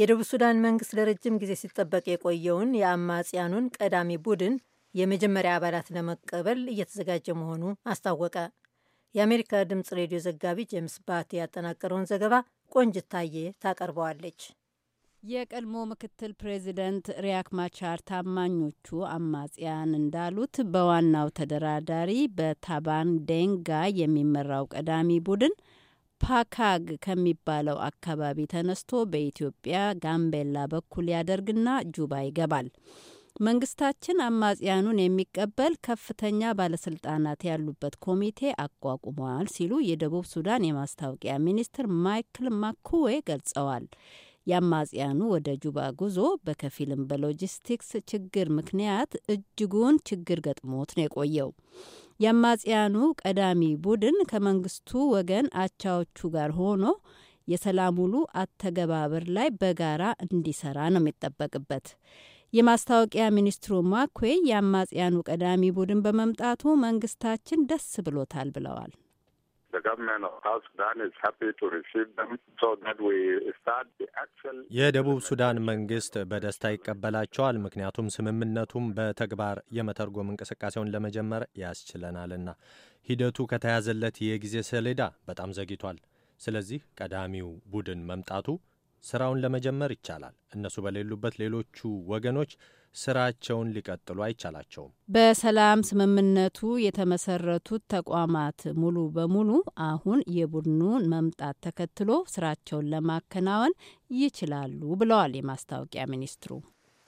የደቡብ ሱዳን መንግስት ለረጅም ጊዜ ሲጠበቅ የቆየውን የአማጽያኑን ቀዳሚ ቡድን የመጀመሪያ አባላት ለመቀበል እየተዘጋጀ መሆኑ አስታወቀ። የአሜሪካ ድምፅ ሬዲዮ ዘጋቢ ጄምስ ባቲ ያጠናቀረውን ዘገባ ቆንጅታዬ ታቀርበዋለች። የቀድሞ ምክትል ፕሬዚደንት ሪያክ ማቻር ታማኞቹ አማጽያን እንዳሉት በዋናው ተደራዳሪ በታባን ዴንጋ የሚመራው ቀዳሚ ቡድን ፓካግ ከሚባለው አካባቢ ተነስቶ በኢትዮጵያ ጋምቤላ በኩል ያደርግና ጁባ ይገባል። መንግስታችን አማጽያኑን የሚቀበል ከፍተኛ ባለስልጣናት ያሉበት ኮሚቴ አቋቁመዋል ሲሉ የደቡብ ሱዳን የማስታወቂያ ሚኒስትር ማይክል ማኩዌ ገልጸዋል። የአማጽያኑ ወደ ጁባ ጉዞ በከፊልም በሎጂስቲክስ ችግር ምክንያት እጅጉን ችግር ገጥሞት ነው የቆየው። የአማጽያኑ ቀዳሚ ቡድን ከመንግስቱ ወገን አቻዎቹ ጋር ሆኖ የሰላም ውሉ አተገባበር ላይ በጋራ እንዲሰራ ነው የሚጠበቅበት። የማስታወቂያ ሚኒስትሩ ማኩዌ የአማጽያኑ ቀዳሚ ቡድን በመምጣቱ መንግስታችን ደስ ብሎታል ብለዋል። የደቡብ ሱዳን መንግስት በደስታ ይቀበላቸዋል። ምክንያቱም ስምምነቱም በተግባር የመተርጎም እንቅስቃሴውን ለመጀመር ያስችለናልና ሂደቱ ከተያዘለት የጊዜ ሰሌዳ በጣም ዘግቷል። ስለዚህ ቀዳሚው ቡድን መምጣቱ ስራውን ለመጀመር ይቻላል። እነሱ በሌሉበት ሌሎቹ ወገኖች ስራቸውን ሊቀጥሉ አይቻላቸውም። በሰላም ስምምነቱ የተመሰረቱት ተቋማት ሙሉ በሙሉ አሁን የቡድኑን መምጣት ተከትሎ ስራቸውን ለማከናወን ይችላሉ ብለዋል የማስታወቂያ ሚኒስትሩ።